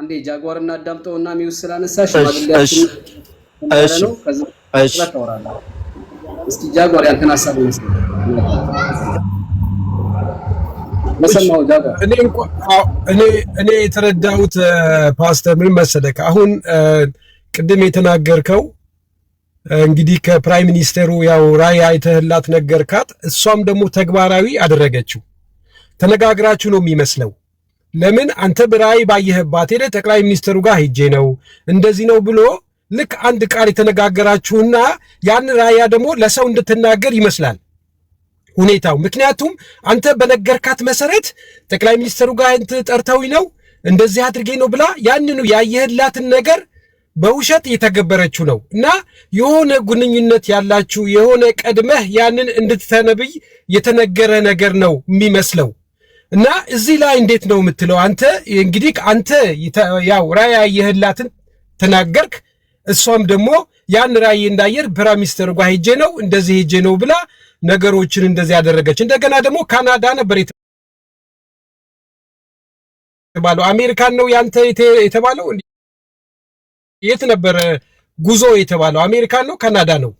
አንዴ ጃጓር እና አዳምጠው እና ሚውስ ስላነሳ ሽማግሌያችን እስኪ ጃጓር ያንተን ሀሳብ እኔ የተረዳሁት ፓስተር ምን መሰለህ፣ አሁን ቅድም የተናገርከው እንግዲህ ከፕራይም ሚኒስቴሩ ያው ራዕይ አይተህላት ነገርካት፣ እሷም ደግሞ ተግባራዊ አደረገችው። ተነጋግራችሁ ነው የሚመስለው ለምን አንተ በራእይ ባየህባት ሄደህ ጠቅላይ ሚኒስትሩ ጋር ሄጄ ነው እንደዚህ ነው ብሎ ልክ አንድ ቃል የተነጋገራችሁና ያን ራያ ደግሞ ለሰው እንድትናገር ይመስላል ሁኔታው። ምክንያቱም አንተ በነገርካት መሰረት ጠቅላይ ሚኒስትሩ ጋር ጠርተዊ ነው እንደዚህ አድርጌ ነው ብላ ያንኑ ያየህላትን ነገር በውሸት የተገበረችው ነው እና የሆነ ግንኙነት ያላችሁ የሆነ ቀድመህ ያንን እንድትተነብይ የተነገረ ነገር ነው የሚመስለው። እና እዚህ ላይ እንዴት ነው የምትለው? አንተ እንግዲህ አንተ ያው ራእይ ያየህላትን ተናገርክ። እሷም ደግሞ ያን ራእይ እንዳየር ሚስተር ጓ ሄጄ ነው እንደዚህ ሄጄ ነው ብላ ነገሮችን እንደዚህ ያደረገች። እንደገና ደግሞ ካናዳ ነበር የተባለው አሜሪካን ነው ያንተ የተባለው የት ነበር ጉዞ የተባለው አሜሪካን ነው ካናዳ ነው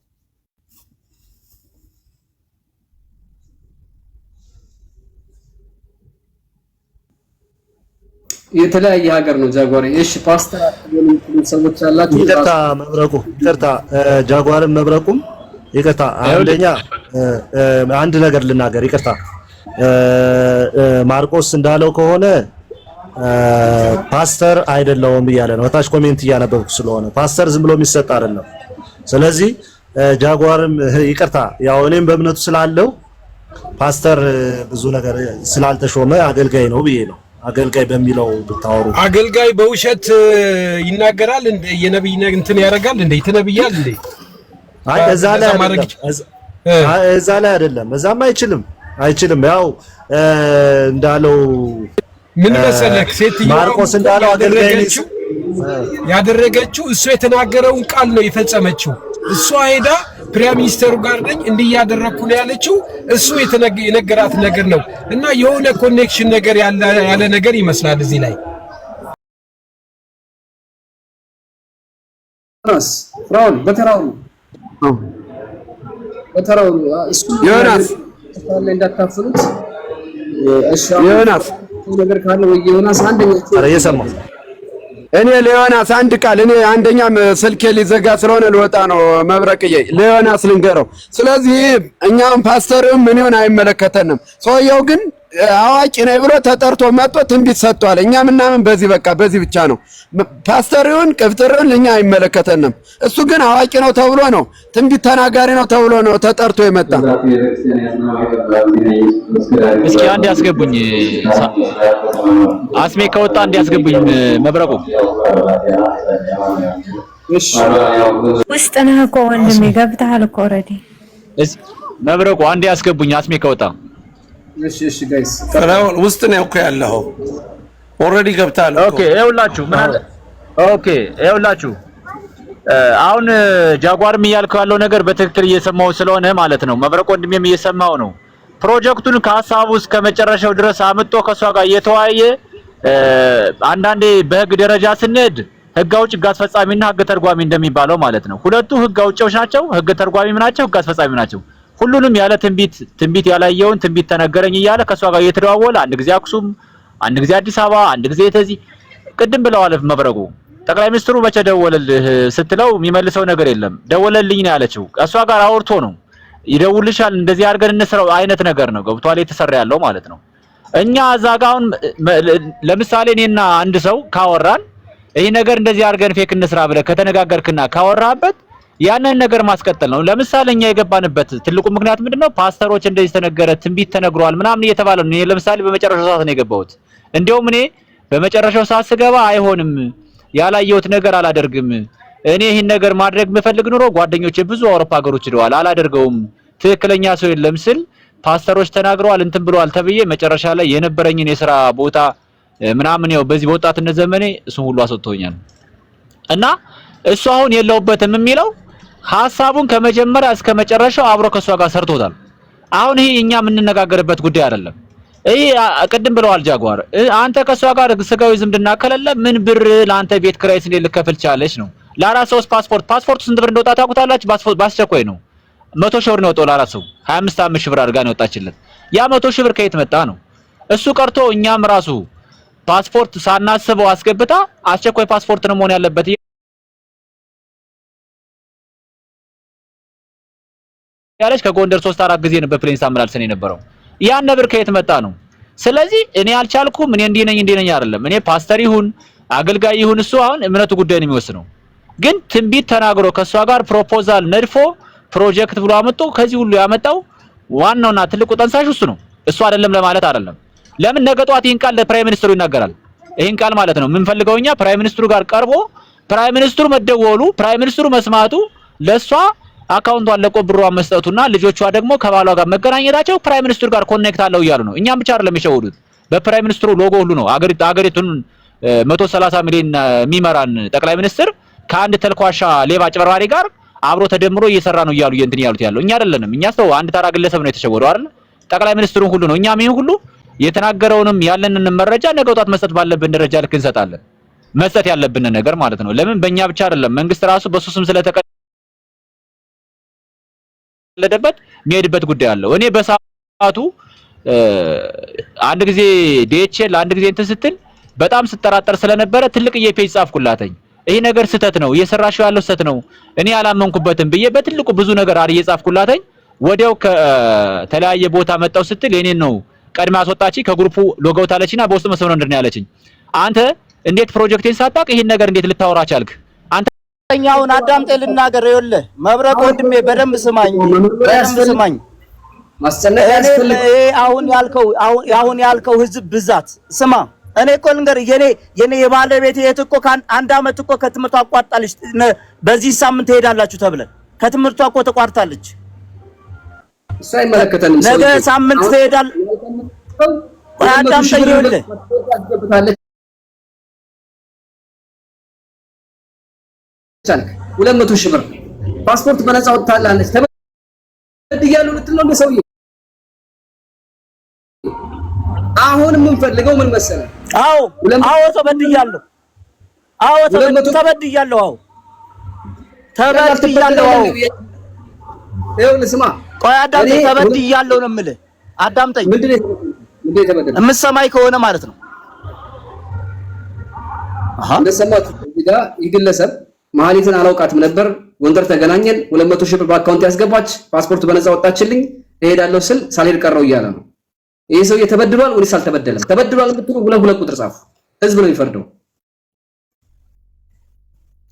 የተለያየ ሀገር ነው ጃጓር። እሺ ፓስታ ሰዎች ያላችሁ ይቅርታ፣ መብረቁ ይቅርታ፣ ጃጓርም መብረቁም ይቅርታ። አንደኛ አንድ ነገር ልናገር፣ ይቅርታ። ማርቆስ እንዳለው ከሆነ ፓስተር አይደለውም እያለ ነው። ታች ኮሜንት እያነበብኩ ስለሆነ ፓስተር ዝም ብሎ የሚሰጥ አይደለም። ስለዚህ ጃጓርም ይቅርታ፣ ያው እኔም በእምነቱ ስላለው ፓስተር ብዙ ነገር ስላልተሾመ አገልጋይ ነው ብዬ ነው አገልጋይ በሚለው ብታወሩ አገልጋይ በውሸት ይናገራል እንደ የነብይ እንትን ያደርጋል እንደ ይተነብያል እንደ አይ እዛ ላይ እዛ ላይ አይደለም እዛም አይችልም አይችልም ያው እንዳለው ምን መሰለህ ሴት ማርቆስ እንዳለው አገልጋይ ያደረገችው እሱ የተናገረውን ቃል ነው የፈጸመችው እሷ ሄዳ ፕሪያ ሚኒስተሩ ጋር ነኝ እንዲያደረግኩ ነው ያለችው። እሱ የነገራት ነገር ነው እና የሆነ ኮኔክሽን ነገር ያለ ነገር ይመስላል እዚህ ላይ ፍራውን በተራው በተራው እሱ ዮናስ እሺ ዮናስ ነገር ካለ ወይ ዮናስ አንደኛ እኔ ለዮናስ አንድ ቃል እኔ አንደኛ ስልኬ ሊዘጋ ስለሆነ ልወጣ ነው። መብረቅዬ ለዮናስ ልንገረው። ስለዚህ እኛም ፓስተርም ምን ይሆን አይመለከተንም። ሰውየው ግን አዋቂ ነኝ ብሎ ተጠርቶ መጥቶ ትንቢት ሰጥቷል። እኛ ምናምን በዚህ በቃ በዚህ ብቻ ነው። ፓስተሪውን ቅብጥሪውን እኛ አይመለከተንም። እሱ ግን አዋቂ ነው ተብሎ ነው ትንቢት ተናጋሪ ነው ተብሎ ነው ተጠርቶ የመጣ። እስኪ አንድ ያስገቡኝ፣ አስሜ ከወጣ አንድ ያስገቡኝ መብረቁ ውስጥ ነህ እኮ ወንድሜ ገብተሃል እኮ ኦልሬዲ። መብረቁ አንድ ያስገቡኝ አስሜ ከወጣ ውስጥ ነው እኮ ያለው። ኦልሬዲ ገብታል። ኦኬ ይኸውላችሁ ኦኬ ይኸውላችሁ አሁን ጃጓርም እያልከው ያለው ነገር በትክክል እየሰማው ስለሆነ ማለት ነው። መብረቅ ወንድሜም እየሰማው ነው። ፕሮጀክቱን ከሀሳቡ እስከ መጨረሻው ድረስ አምጦ ከእሷ ጋር እየተወያየ አንዳንዴ በህግ ደረጃ ስንሄድ ህግ አውጭ ህግ አስፈጻሚና ህግ ተርጓሚ እንደሚባለው ማለት ነው። ሁለቱ ህግ አውጪዎች ናቸው፣ ህግ ተርጓሚም ናቸው፣ ህግ አስፈጻሚም ናቸው። ሁሉንም ያለ ትንቢት ትንቢት ያላየውን ትንቢት ተነገረኝ እያለ ከእሷ ጋር እየተደዋወለ አንድ ጊዜ አክሱም፣ አንድ ጊዜ አዲስ አበባ፣ አንድ ጊዜ ተዚህ ቅድም ብለዋል መብረቁ ጠቅላይ ሚኒስትሩ መቼ ደወለልህ ስትለው የሚመልሰው ነገር የለም። ደወለልኝ ነው ያለችው። እሷ ጋር አውርቶ ነው ይደውልሻል፣ እንደዚህ አድርገን እንስራው አይነት ነገር ነው ገብቷል፣ የተሰራ ያለው ማለት ነው። እኛ እዛ ጋር አሁን ለምሳሌ እኔና አንድ ሰው ካወራን ይህ ነገር እንደዚህ አድርገን ፌክ እንስራ ብለህ ከተነጋገርክና ካወራህበት ያንን ነገር ማስቀጠል ነው። ለምሳሌ እኛ የገባንበት ትልቁ ምክንያት ምንድነው? ፓስተሮች እንደዚህ ተነገረ፣ ትንቢት ተነግሯል ምናምን እየተባለ ነው። እኔ ለምሳሌ በመጨረሻው ሰዓት ነው የገባሁት። እንዲያውም እኔ በመጨረሻው ሰዓት ስገባ አይሆንም፣ ያላየሁት ነገር አላደርግም። እኔ ይህን ነገር ማድረግ የምፈልግ ኑሮ ጓደኞቼ ብዙ አውሮፓ ሀገሮች ሄደዋል፣ አላደርገውም፣ ትክክለኛ ሰው የለም ስል ፓስተሮች ተናግረዋል፣ እንትን ብለዋል ተብዬ መጨረሻ ላይ የነበረኝን የስራ ቦታ ምናምን ያው በዚህ በወጣትነት ዘመኔ እሱ ሁሉ አሰጥቶኛል እና እሱ አሁን የለውበትም የሚለው ሀሳቡን ከመጀመሪያ እስከ መጨረሻው አብሮ ከእሷ ጋር ሰርቶታል። አሁን ይሄ እኛ የምንነጋገርበት ጉዳይ አይደለም። ይሄ ቅድም ብለዋል ጃጓር፣ አንተ ከእሷ ጋር ስጋዊ ዝምድና ከሌለ ምን ብር ለአንተ ቤት ክራይስ እንዴት ልከፍል ቻለች ነው። ለአራት ሰውስ ፓስፖርት ፓስፖርቱ ስንት ብር እንደወጣ ታውቁታላችሁ? በአስቸኳይ ነው። መቶ ሺህ ብር ነው የወጣው ለአራት ሰው፣ 25 አምስት አምስት ሺህ ብር አድርጋ ነው የወጣችለት። ያ መቶ ሺህ ብር ከየት መጣ ነው እሱ ቀርቶ እኛም ራሱ ፓስፖርት ሳናስበው አስገብታ አስቸኳይ ፓስፖርት ነው መሆን ያለበት ያለች ከጎንደር ሶስት አራት ጊዜ ነው በፕሌን ሳመላልሰን የነበረው። ያን ነብር ከየት መጣ ነው? ስለዚህ እኔ አልቻልኩም፣ እኔ እንዲህ ነኝ እንዲህ ነኝ አይደለም። እኔ ፓስተር ይሁን አገልጋይ ይሁን እሱ አሁን እምነቱ ጉዳይ ነው የሚወስነው። ግን ትንቢት ተናግሮ ከእሷ ጋር ፕሮፖዛል ነድፎ ፕሮጀክት ብሎ አመጡ። ከዚህ ሁሉ ያመጣው ዋናውና ትልቁ ጠንሳሽ እሱ ነው፣ እሱ አይደለም ለማለት አይደለም። ለምን ነገ ጠዋት ይህን ቃል ለፕራይም ሚኒስትሩ ይናገራል። ይህን ቃል ማለት ነው የምንፈልገው እኛ ፕራይም ሚኒስትሩ ጋር ቀርቦ ፕራይም ሚኒስትሩ መደወሉ ፕራይም ሚኒስትሩ መስማቱ ለእሷ አካውንቷን ለቆ ብሯን መስጠቱና ልጆቿ ደግሞ ከባሏ ጋር መገናኘታቸው ፕራይም ሚኒስትሩ ጋር ኮኔክት አለው እያሉ ነው። እኛም ብቻ አይደለም የሸወዱት። በፕራይም ሚኒስትሩ ሎጎ ሁሉ ነው አገሪቱን 130 ሚሊዮን የሚመራን ጠቅላይ ሚኒስትር ከአንድ ተልኳሻ ሌባ አጭበርባሪ ጋር አብሮ ተደምሮ እየሰራ ነው እያሉ እንትን ያሉት ያለው እኛ አይደለንም። እኛ ሰው አንድ ታራ ግለሰብ ነው የተሸወደው አይደል? ጠቅላይ ሚኒስትሩን ሁሉ ነው። እኛም ይሄን ሁሉ የተናገረውንም ያለንን መረጃ ነገ መስጠት ባለብን ደረጃ ልክ እንሰጣለን። መስጠት ያለብንን ነገር ማለት ነው። ለምን በእኛ ብቻ አይደለም መንግስት ራሱ በሱ ስም ስለተቀ ስለደበት የሚሄድበት ጉዳይ አለው። እኔ በሰዓቱ አንድ ጊዜ ዲኤችኤል አንድ ጊዜ እንትን ስትል በጣም ስጠራጠር ስለነበረ ትልቅዬ ፔጅ ጻፍኩላተኝ። ይሄ ነገር ስህተት ነው፣ እየሰራሽው ያለው ስህተት ነው፣ እኔ አላመንኩበትም ብዬ በትልቁ ብዙ ነገር አር እየጻፍኩላተኝ ወዲያው ከተለያየ ቦታ መጣው ስትል የኔን ነው ቀድማ አስወጣች። ከግሩፑ ሎጋውት አለችና በውስጥ መስመር ነው ያለችኝ። አንተ እንዴት ፕሮጀክቴን ሳታውቅ ይህን ነገር እንዴት ልታወራ ቻልክ? ሁለተኛውን አዳምጤ ልናገር። ይኸውልህ መብረቅ ወንድሜ በደንብ ስማኝ፣ በደንብ ስማኝ። አሁን ያልከው አሁን ያልከው ህዝብ ብዛት ስማ። እኔ እኮ ልንገርህ የኔ የኔ የባለቤት እህት እኮ አንድ አመት እኮ ከትምህርቷ አቋርጣለች። በዚህ ሳምንት ትሄዳላችሁ ተብለን ከትምህርቷ እኮ ተቋርጣለች። ነገ ሳምንት ትሄዳለህ። አዳምጠኝ ይኸውልህ ቻልክ ሁለት ሺህ ብር ፓስፖርት በነፃ ወጥታላለች። ተበድያለሁ ልትል ነው ሰውዬ። አሁን የምንፈልገው ምን መሰለህ? አዎ አዎ፣ ተበድያለሁ። አዎ ተበድያለሁ። አዎ ተበድያለሁ። አዎ ይኸውልህ፣ ስማ፣ ቆይ አዳምጠኝ። ተበድያለሁ ነው የምልህ። አዳምጠኝ። የምትሰማኝ ከሆነ ማለት ነው። አሃ እንደሰማችሁ እዚህ መሀሊትን አላውቃትም ነበር። ጎንደር ተገናኘን። ሁለት መቶ ሺህ ብር በአካውንት ያስገባች ፓስፖርት በነፃ ወጣችልኝ። እሄዳለሁ ስል ሳልሄድ ቀረው እያለ ነው። ይህ ሰውዬ ተበድሏል ወይስ አልተበደለም? ተበድሏል ብትሉ ሁለት ሁለት ቁጥር ጻፉ። ህዝብ ነው የሚፈርደው።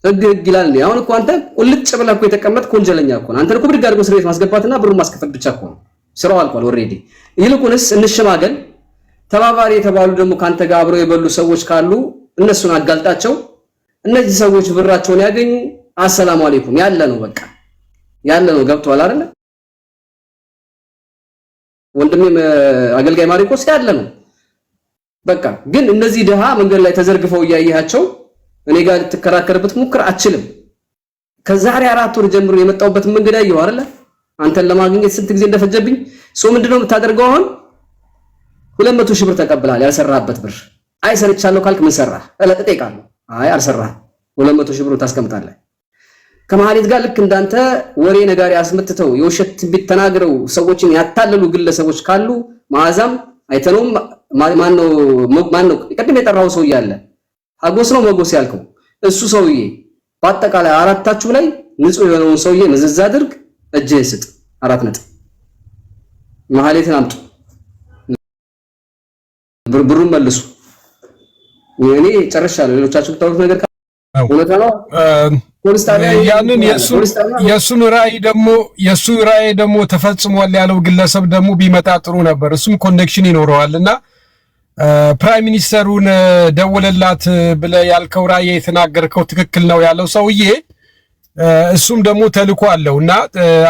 ህግ ህግ ይላል። አሁን እኮ አንተ ቁልጭ ብለህ እኮ የተቀመጥክ ወንጀለኛ እኮ አንተን እኮ ብድግ አድርጎ እስር ቤት ማስገባትና ብሩን ማስከፈል ብቻ እኮ ነው። ስራው አልቋል ኦልሬዲ። ይልቁንስ እንሸማገል። ተባባሪ የተባሉ ደግሞ ከአንተ ጋር አብረው የበሉ ሰዎች ካሉ እነሱን አጋልጣቸው። እነዚህ ሰዎች ብራቸውን ያገኙ። አሰላሙ አለይኩም ያለ ነው፣ በቃ ያለ ነው። ገብቷል አይደለ? ወንድሜ አገልጋይ ማሪቆስ ያለ ነው። በቃ ግን እነዚህ ድሃ መንገድ ላይ ተዘርግፈው እያየሃቸው እኔ ጋር ልትከራከርበት ሙክር አችልም። ከዛሬ አራት ወር ጀምሮ የመጣሁበት መንገድ ያየው አይደለ? አንተን ለማግኘት ስንት ጊዜ እንደፈጀብኝ። ሶ ምንድነው የምታደርገው? አሁን ሁለት መቶ ሺህ ብር ተቀብላል። ያልሰራህበት ብር አይ ካልክ ምን ሰራህ? አይ አልሰራህም፣ ሁለት መቶ ሺህ ብር ታስቀምጣለህ። ከመሐሌት ጋር ልክ እንዳንተ ወሬ ነጋሪ አስመትተው የውሸት ትንቢት ተናግረው ሰዎችን ያታለሉ ግለሰቦች ካሉ መዓዛም አይተነውም። ማነው ማነው ቅድም የጠራው ሰውዬ አለ ሀጎስ ነው መጎስ ያልከው እሱ ሰውዬ በአጠቃላይ አራታችሁ ላይ ንጹህ የሆነውን ሰውዬ ምዝዝ አድርግ፣ እጅህ ስጥ። አራት ነጥብ። መሐሌትን አምጡ፣ ብሩን መልሱ። እኔ ጨርሻለሁ። ሌሎቻችሁ ብታወሩት ነገር እውነት ነው። ያንን የእሱን ራእይ ደግሞ የእሱ ራእይ ደግሞ ተፈጽሟል ያለው ግለሰብ ደግሞ ቢመጣ ጥሩ ነበር። እሱም ኮኔክሽን ይኖረዋል እና ፕራይም ሚኒስተሩን ደውለላት ብለህ ያልከው ራእይ የተናገርከው ትክክል ነው ያለው ሰውዬ እሱም ደግሞ ተልኮ አለው እና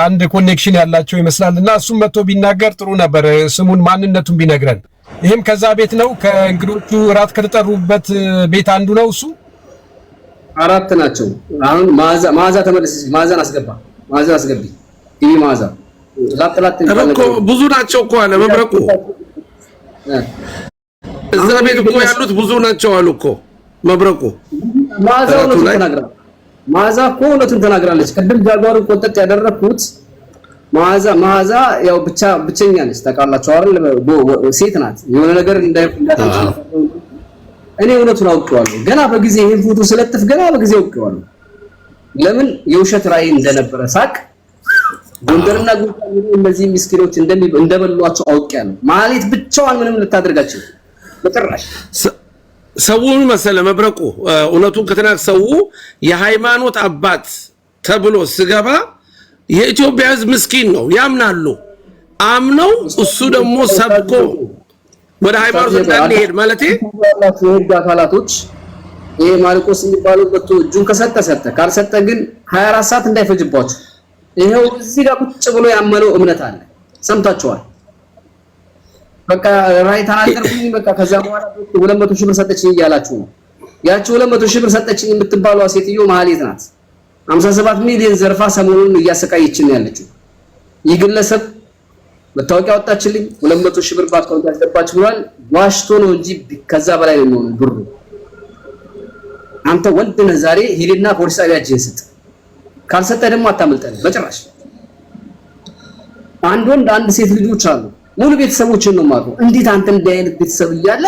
አንድ ኮኔክሽን ያላቸው ይመስላል እና እሱም መጥቶ ቢናገር ጥሩ ነበር። ስሙን ማንነቱን ቢነግረን ይህም ከዛ ቤት ነው። ከእንግዶቹ እራት ከተጠሩበት ቤት አንዱ ነው። እሱ አራት ናቸው። አሁን ማዛ ማዛ ተመለስ። ማዛን አስገባ። ማዛን አስገቢ። ይህ ማዛ ላጥላጥ እኮ ብዙ ናቸው እኮ አለ መብረቁ። እዛ ቤት እኮ ያሉት ብዙ ናቸው አሉ እኮ መብረቁ። ማዛ እውነቱን ተናግራለች። ማዛ እኮ እውነቱን ተናግራለች። ቅድም ጃጓሩን ቆንጠጥ ያደረኩት መዓዛ መዓዛ ያው ብቻ ብቸኛ ነች፣ ታውቃላችሁ አይደል? ሴት ናት። የሆነ ነገር እኔ እውነቱን አውቄዋለሁ። ገና በጊዜ ይሄን ፎቶ ስለጥፍ ገና በጊዜ አውቄዋለሁ። ለምን የውሸት ራይ እንደነበረ ሳቅ ጎንደርና ጉንፋን እነዚህ ምስኪኖች እንደበሏቸው አውቄያለሁ። ማለት ብቻዋን ምንም ልታደርጋቸው በጭራሽ ሰውን መሰለ መብረቁ እውነቱን ከተናቅ ሰው የሃይማኖት አባት ተብሎ ስገባ የኢትዮጵያ ህዝብ ምስኪን ነው ያምናሉ። አምነው እሱ ደግሞ ሰብኮ ወደ ሃይማኖት እንዳንሄድ ማለት የህግ አካላቶች ይሄ ማርቆስ የሚባሉ በቶ እጁን ከሰጠ ሰጠ፣ ካልሰጠ ግን 24 ሰዓት እንዳይፈጅባችሁ። ይሄው እዚህ ጋር ቁጭ ብሎ ያመነው እምነት አለ። ሰምታችኋል። በቃ ራይ ተናገርኩኝ። በቃ ከዛ በኋላ 200 ሺህ ብር ሰጠችኝ እያላችሁ ነው። ያቺ 200 ሺህ ብር ሰጠችኝ የምትባሏ ሴትዮ መሀሌት ናት። 57 ሚሊዮን ዘርፋ ሰሞኑን እያሰቃየችን ያለችው። ይህ ግለሰብ መታወቂያ ወጣችልኝ 200 ሺህ ብር በአካውንት ያስገባች ብሏል። ዋሽቶ ነው እንጂ ከዛ በላይ ነው የሚሆነው ብሩ። አንተ ወንድ ነህ፣ ዛሬ ሂድና ፖሊስ ጣቢያ እጅህን ስጥ። ካልሰጠህ ደግሞ አታመልጠን በጭራሽ። አንድ ወንድ አንድ ሴት ልጆች አሉ። ሙሉ ቤተሰቦችን ነው ማለት። እንዴት አንተ እንዲህ አይነት ቤተሰብ እያለ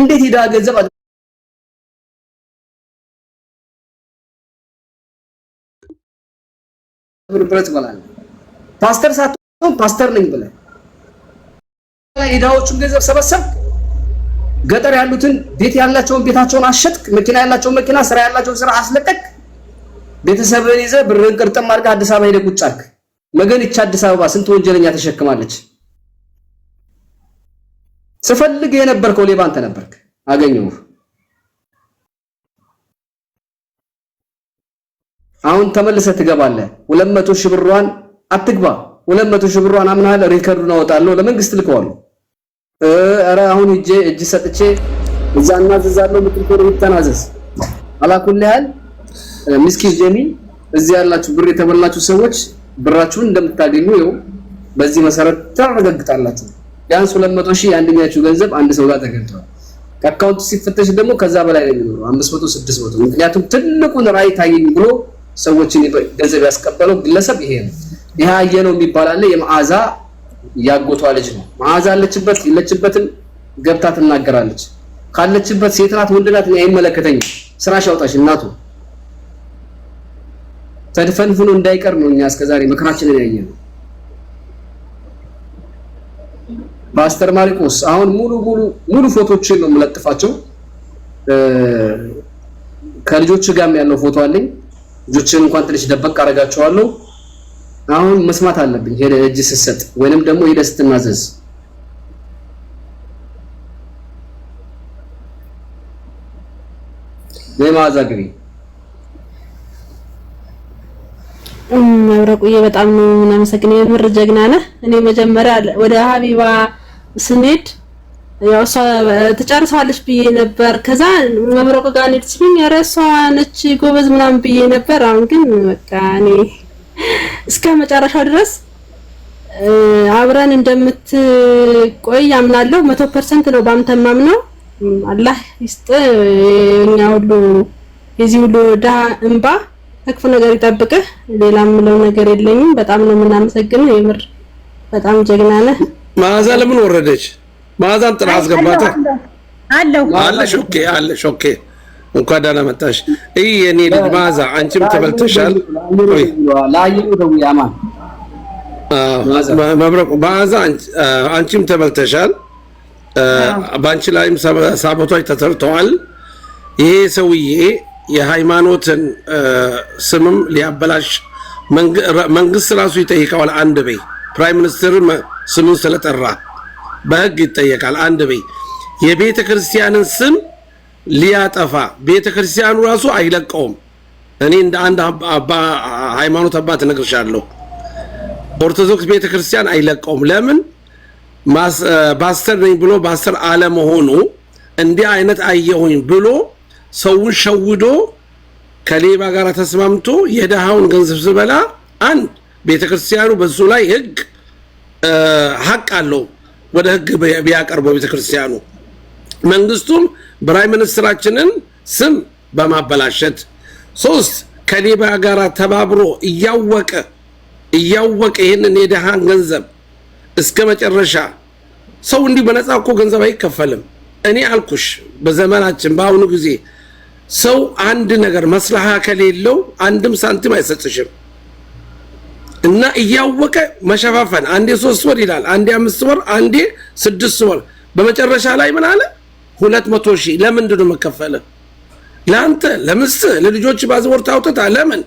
እንዴት ሄዳ ገንዘብ ብር ብለህ ትበላለህ። ፓስተር ሳትሆን ፓስተር ነኝ ብለህ የድሃዎቹን ገንዘብ ሰበሰብክ። ገጠር ያሉትን ቤት ያላቸውን ቤታቸውን አሸጥክ። መኪና ያላቸውን መኪና፣ ስራ ያላቸውን ስራ አስለቀቅ። ቤተሰብን ይዘህ ብርህን ቅርጥም አድርገህ አዲስ አበባ ሄደህ ቁጭ አልክ። መገን ይቻ አዲስ አበባ ስንት ወንጀለኛ ተሸክማለች። ስፈልግ የነበርከው ሌባ አንተ ነበርክ። አገኘሁህ። አሁን ተመልሰ ትገባለህ። 200 ሺህ ብሯን አትግባ። 200 ሺህ ብሯን አምናሃል። ሪከርዱን አወጣለሁ ለመንግስት ልከዋለሁ። ኧረ አሁን ሂጄ እጅ ሰጥቼ እዛ እናዘዛለሁ ምትል ከሆነ ይተናዘዝ። አላኩል ያህል ሚስኪን ጀሚል እዚህ ያላችሁ ብር የተበላችሁ ሰዎች ብራችሁን እንደምታገኙ ይኸው በዚህ መሰረት ታረጋግጣላችሁ። ቢያንስ 200 ሺህ የአንደኛችሁ ገንዘብ አንድ ሰው ጋር ተገልቷል። ከአካውንቱ ሲፈተሽ ደግሞ ከዛ በላይ ነው የሚኖረው 500 600 ምክንያቱም ትልቁን ራይት ታገኝ ብሎ ሰዎችን ገንዘብ ያስቀበለው ግለሰብ ይሄ ነው። ይህ አየነው የሚባል አለ። የመዓዛ ያጎቷ ልጅ ነው። መዓዛ አለችበት የለችበትን ገብታ ትናገራለች። ካለችበት ሴት ናት ወንድ ናት አይመለከተኝም፣ ስራሽ ያውጣሽ እናቱ። ተድፈንፍኖ እንዳይቀር ነው እኛ እስከዛሬ ምክራችንን ያየነው። ፓስተር ማሪቆስ አሁን ሙሉ ሙሉ ሙሉ ፎቶዎችን ነው የምለጥፋቸው። ከልጆች ጋርም ያለው ፎቶ አለኝ። ልጆችን እንኳን ትንሽ ደበቅ አደርጋቸዋለሁ። አሁን መስማት አለብኝ ሄደ እጅ ስትሰጥ ወይንም ደግሞ ሄደ ስትናዘዝ ለማዛግሪ ግቢ መብረቁዬ በጣም ነው የምናመሰግነው። የምር ጀግና ነህ። እኔ መጀመሪያ ወደ ሀቢባ ስንሄድ ያው እሷ ትጨርሰዋለች ብዬ ነበር። ከዛ መብረቁ ጋር እንሂድ ሲሉኝ ኧረ እሷ ነች ጎበዝ ምናምን ብዬ ነበር። አሁን ግን በቃ እኔ እስከ መጨረሻው ድረስ አብረን እንደምትቆይ አምናለሁ። መቶ ፐርሰንት ነው በአንተ ነው። አላህ ይስጥ እኛ ሁሉ የዚህ ሁሉ ዳ እንባ ከክፉ ነገር ይጠብቅህ። ሌላ የምለው ነገር የለኝም። በጣም ነው የምናመሰግነው። የምር በጣም ጀግና ነህ። ማዛ ለምን ወረደች? መዓዛን ጥራ አለው አለሽ። ኦኬ አለሽ። ኦኬ እንኳን ደህና መጣሽ። እይ የኔ ልጅ መዓዛ፣ አንቺም ተበልተሻል። ማዛ አንቺም ተበልተሻል። በአንቺ ላይም ሳቦታዎች ተሰርተዋል። ይሄ ሰውዬ የሃይማኖትን ስምም ሊያበላሽ መንግስት ራሱ ይጠይቀዋል። አንድ በይ ፕራይም ሚኒስትር ስሙን ስለጠራ በህግ ይጠየቃል። አንድ በይ የቤተ ክርስቲያንን ስም ሊያጠፋ ቤተ ክርስቲያኑ ራሱ አይለቀውም። እኔ እንደ አንድ ሃይማኖት አባት እነግርሻለሁ፣ ኦርቶዶክስ ቤተ ክርስቲያን አይለቀውም። ለምን? ባስተር ነኝ ብሎ ባስተር አለመሆኑ እንዲህ አይነት አየሁኝ ብሎ ሰውን ሸውዶ ከሌባ ጋር ተስማምቶ የድሃውን ገንዘብ ስበላ አንድ ቤተ ክርስቲያኑ በሱ ላይ ህግ ሀቅ አለው። ወደ ህግ ቢያቀርበው ቤተክርስቲያኑ መንግስቱም ብራይ ሚኒስትራችንን ስም በማበላሸት ሶስት ከሌባ ጋር ተባብሮ እያወቀ እያወቀ ይህንን የድሃን ገንዘብ እስከ መጨረሻ ሰው እንዲህ በነፃ እኮ ገንዘብ አይከፈልም። እኔ አልኩሽ በዘመናችን በአሁኑ ጊዜ ሰው አንድ ነገር መስላሃ ከሌለው አንድም ሳንቲም አይሰጥሽም። እና እያወቀ መሸፋፈን አንዴ ሶስት ወር ይላል፣ አንዴ አምስት ወር፣ አንዴ ስድስት ወር። በመጨረሻ ላይ ምን አለ? ሁለት መቶ ሺህ ለምንድን ነው መከፈለ? ለአንተ ለምስት ለልጆች ባዝቦርት አውጥታ ለምን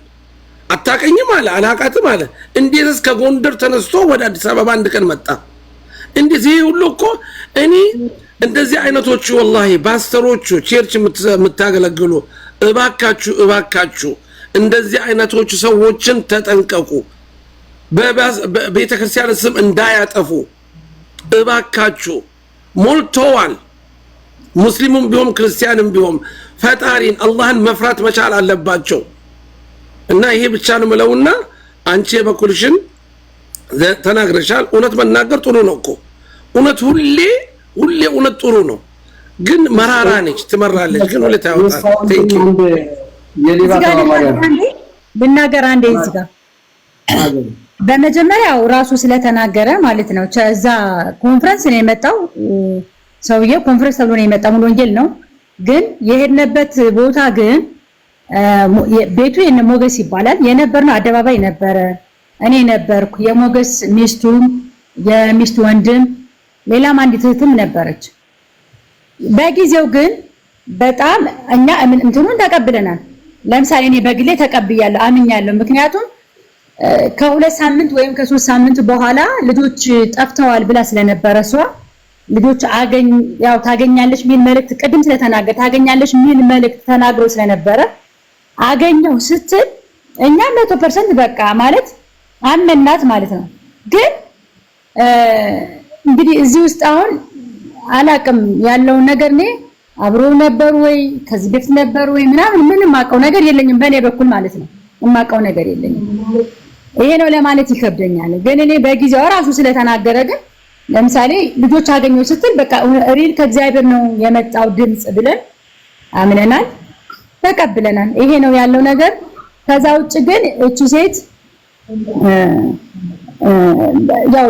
አታቀኝም አለ አላቃትም አለ። እንዴትስ ከጎንደር ተነስቶ ወደ አዲስ አበባ አንድ ቀን መጣ? እንዴት ይህ ሁሉ እኮ እኔ እንደዚህ አይነቶቹ ወላሂ ፓስተሮቹ፣ ቸርች የምታገለግሉ እባካችሁ እባካችሁ እንደዚህ አይነቶቹ ሰዎችን ተጠንቀቁ። በቤተ ክርስቲያን ስም እንዳያጠፉ እባካችሁ። ሞልተዋል። ሙስሊሙም ቢሆን ክርስቲያንም ቢሆን ፈጣሪን አላህን መፍራት መቻል አለባቸው እና ይሄ ብቻ ነው ምለውና አንቺ የበኩልሽን ተናግረሻል። እውነት መናገር ጥሩ ነው እኮ እውነት ሁሌ ሁሌ እውነት ጥሩ ነው፣ ግን መራራ ነች፣ ትመራለች፣ ግን ሁሌ ታወጣል። ልናገር አንዴ እዚህ ጋር በመጀመሪያው ራሱ ስለተናገረ ማለት ነው። እዛ ኮንፈረንስ ነው የመጣው ሰውዬው። ኮንፈረንስ ተብሎ ነው የመጣው ሙሉ ወንጌል ነው። ግን የሄድንበት ቦታ ግን ቤቱ የነ ሞገስ ይባላል የነበርነው አደባባይ ነበረ። እኔ ነበርኩ፣ የሞገስ ሚስቱም፣ የሚስቱ ወንድም፣ ሌላም አንዲት እህትም ነበረች። በጊዜው ግን በጣም እኛ እንትኑን ተቀብለናል። ለምሳሌ እኔ በግሌ ተቀብያለሁ፣ አምኛለሁ። ምክንያቱም ከሁለት ሳምንት ወይም ከሶስት ሳምንት በኋላ ልጆች ጠፍተዋል ብላ ስለነበረ እሷ ልጆች አገኝ ያው ታገኛለች ሚል መልእክት ቅድም ስለተናገረ ታገኛለች ሚል መልእክት ተናግሮ ስለነበረ አገኘው ስትል እኛ መቶ ፐርሰንት በቃ ማለት አመናት ማለት ነው። ግን እንግዲህ እዚህ ውስጥ አሁን አላቅም ያለውን ነገር እኔ አብሮ ነበር ወይ ከዚህ በፊት ነበር ወይ ምናምን ምንም የማውቀው ነገር የለኝም። በእኔ በኩል ማለት ነው የማውቀው ነገር የለኝም። ይሄ ነው ለማለት ይከብደኛል። ግን እኔ በጊዜው ራሱ ስለተናገረ ግን ለምሳሌ ልጆች አገኘሁ ስትል በቃ ሪል ከእግዚአብሔር ነው የመጣው ድምፅ ብለን አምነናል፣ ተቀብለናል። ይሄ ነው ያለው ነገር። ከዛ ውጭ ግን እቺ ሴት ያው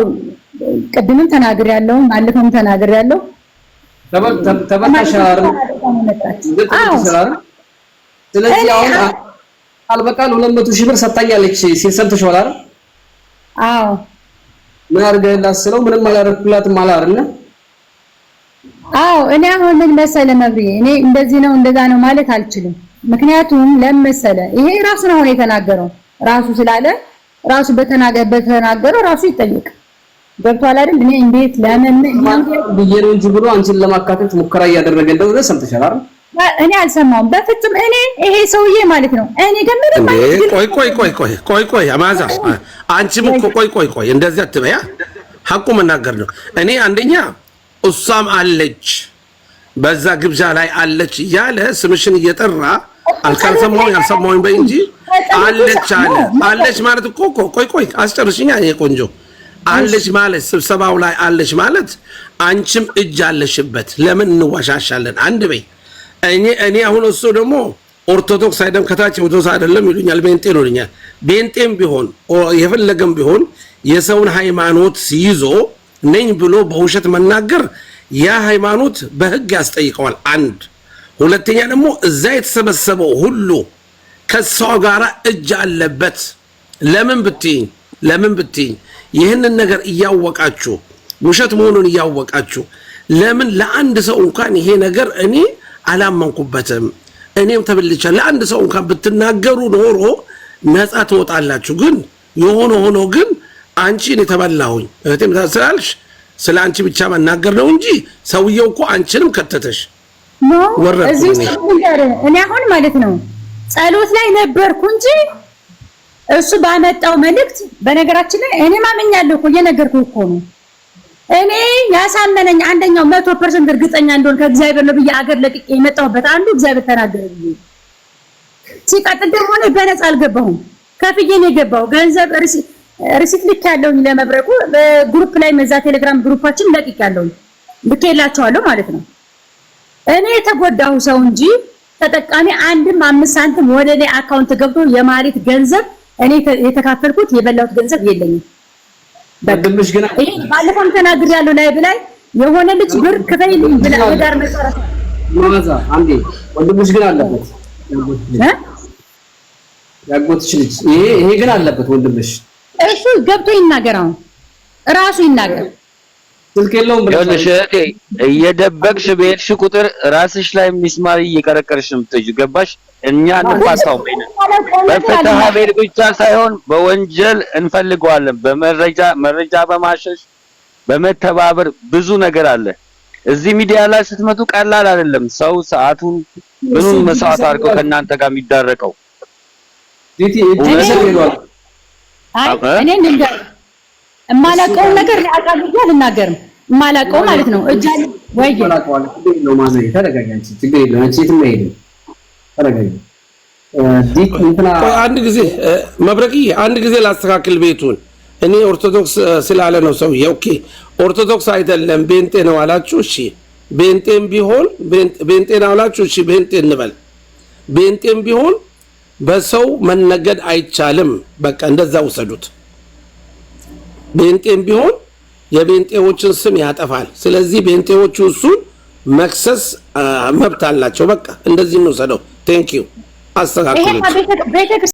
ቅድምም ተናግር ያለው ባለፈውም ተናግር ያለው ተበታሽ ስለዚህ ቃል በቃል ሁለት መቶ ሺህ ብር ሰጥታኛለች ሲል ሰምተሽዋል አይደል? አዎ። ምን አድርገህላት ስለው ምንም አላደረኩላትም አለ አይደል? አዎ። እኔ አሁን ምን መሰለህ መብርዬ፣ እኔ እንደዚህ ነው እንደዛ ነው ማለት አልችልም። ምክንያቱም ለመሰለ ይሄ ራሱን አሁን የተናገረው ራሱ ስላለ ራሱ በተናገረ በተናገረው ራሱ ይጠይቅ። ገብቷል አይደል? እኔ እንዴት ለምን ብዬ ነው እንጂ ብሎ አንቺን ለማካተት ሙከራ እያደረገ እንደሆነ ሰምተሻል አይደል? እኔ አልሰማሁም በፍጹም። እኔ ይሄ ሰውዬ ማለት ነው። እኔ ደግሞ ቆይ ቆይ ቆይ ቆይ ቆይ ቆይ አማዛ አንቺም እኮ ቆይ ቆይ ቆይ እንደዚህ አትበያ። ሐቁ መናገር ነው። እኔ አንደኛ እሷም አለች በዛ ግብዣ ላይ አለች እያለ ስምሽን እየጠራ አልካልሰማሁኝ አልሰማሁኝ በይ እንጂ አለች አለ አለች ማለት እኮ እኮ ቆይ ቆይ አስጨርሽኛ ይሄ ቆንጆ አለች ማለት ስብሰባው ላይ አለች ማለት አንቺም እጅ አለሽበት። ለምን እንዋሻሻለን? አንድ በይ እኔ አሁን እሱ ደግሞ ኦርቶዶክስ አይደለም ከታች ኦርቶዶክስ አይደለም ይሉኛል፣ ቤንጤ ነው ይሉኛል። ቤንጤም ቢሆን የፈለገም ቢሆን የሰውን ሃይማኖት ይዞ ነኝ ብሎ በውሸት መናገር ያ ሃይማኖት በህግ ያስጠይቀዋል። አንድ ሁለተኛ ደግሞ እዛ የተሰበሰበው ሁሉ ከሰው ጋራ እጅ አለበት። ለምን ብትይኝ ለምን ብትይኝ ይህንን ነገር እያወቃችሁ ውሸት መሆኑን እያወቃችሁ ለምን ለአንድ ሰው እንኳን ይሄ ነገር እኔ አላመንኩበትም። እኔም ተበልቻለሁ። ለአንድ ሰው እንኳን ብትናገሩ ኖሮ ነፃ ትወጣላችሁ። ግን የሆነ ሆኖ ግን አንቺን የተበላሁኝ እህቴም ስላልሽ ስለ አንቺ ብቻ መናገር ነው እንጂ ሰውየው እኮ አንቺንም ከተተሽ እዚህ ውስጥ እኔ አሁን ማለት ነው ጸሎት ላይ ነበርኩ እንጂ እሱ ባመጣው መልእክት፣ በነገራችን ላይ እኔ ማመኛለሁ እኮ እየነገርኩህ እኮ ነው እኔ ያሳመነኝ አንደኛው መቶ ፐርሰንት እርግጠኛ እንደሆን ከእግዚአብሔር ነው ብዬ አገር ለቅቄ የመጣሁበት አንዱ እግዚአብሔር ተናገረ ብዬ ሲቀጥል ደግሞ እኔ በነፃ አልገባሁም። ከፍዬ ነው የገባው። ገንዘብ ርሲት ልክ ያለውኝ ለመብረቁ በግሩፕ ላይ መዛ ቴሌግራም ግሩፓችን ለቅቅ ያለውኝ ልኬላቸዋለሁ ማለት ነው። እኔ የተጎዳሁ ሰው እንጂ ተጠቃሚ አንድም አምስት ሳንቲም ወደ እኔ አካውንት ገብቶ የማሌት ገንዘብ እኔ የተካፈልኩት የበላሁት ገንዘብ የለኝም። ወንድምሽ ግን ይሄ ባለፈው ተናግሬያለሁ። ላይ ብላይ የሆነ ልጅ ብር ክፈይልኝ ብላ ወዳር መጨረሻ ማዛ አንዴ ወንድምሽ ግን አለበት ያጎትሽ ልጅ ይሄ ይሄ ግን አለበት ወንድምሽ። እሱ ገብቶ ይናገር፣ አሁን ራሱ ይናገር። ስልክ የለውም ብለሽ እሺ። እየደበቅሽ በሄድሽ ቁጥር ራስሽ ላይ ሚስማር እየቀረቀርሽ ነው የምትሄጂው። ገባሽ? እኛ እንፋታው በይነ በፍትሐ ብሔር ብቻ ሳይሆን በወንጀል እንፈልገዋለን። በመረጃ መረጃ በማሸሽ በመተባበር ብዙ ነገር አለ። እዚህ ሚዲያ ላይ ስትመጡ ቀላል አይደለም። ሰው ሰዓቱን ምኑን መስዋዕት አድርገው ከእናንተ ጋር የሚዳረቀው እኔ እማላቀው ነገር አቃልያ አልናገርም። እማላቀው ማለት ነው እጃ ወይ ነው ማዘ ተረጋጋኝ። ችግር የለም ሴትም አይሄድም። ተረጋጋኝ አንድ ጊዜ መብረቅዬ፣ አንድ ጊዜ ላስተካክል። ቤቱን እኔ ኦርቶዶክስ ስላለ ነው ሰው። ኦኬ ኦርቶዶክስ አይደለም ቤንጤ ነው አላችሁ። እሺ ቤንጤም ቢሆን ቤንጤ ነው አላችሁ። እሺ ቤንጤ እንበል። ቤንጤም ቢሆን በሰው መነገድ አይቻልም። በቃ እንደዛ ውሰዱት። ቤንጤም ቢሆን የቤንጤዎችን ስም ያጠፋል። ስለዚህ ቤንጤዎቹ እሱን መክሰስ መብት አላቸው። በቃ እንደዚህ እንውሰደው። ዩ Aslan haklı. E, hep BT, BT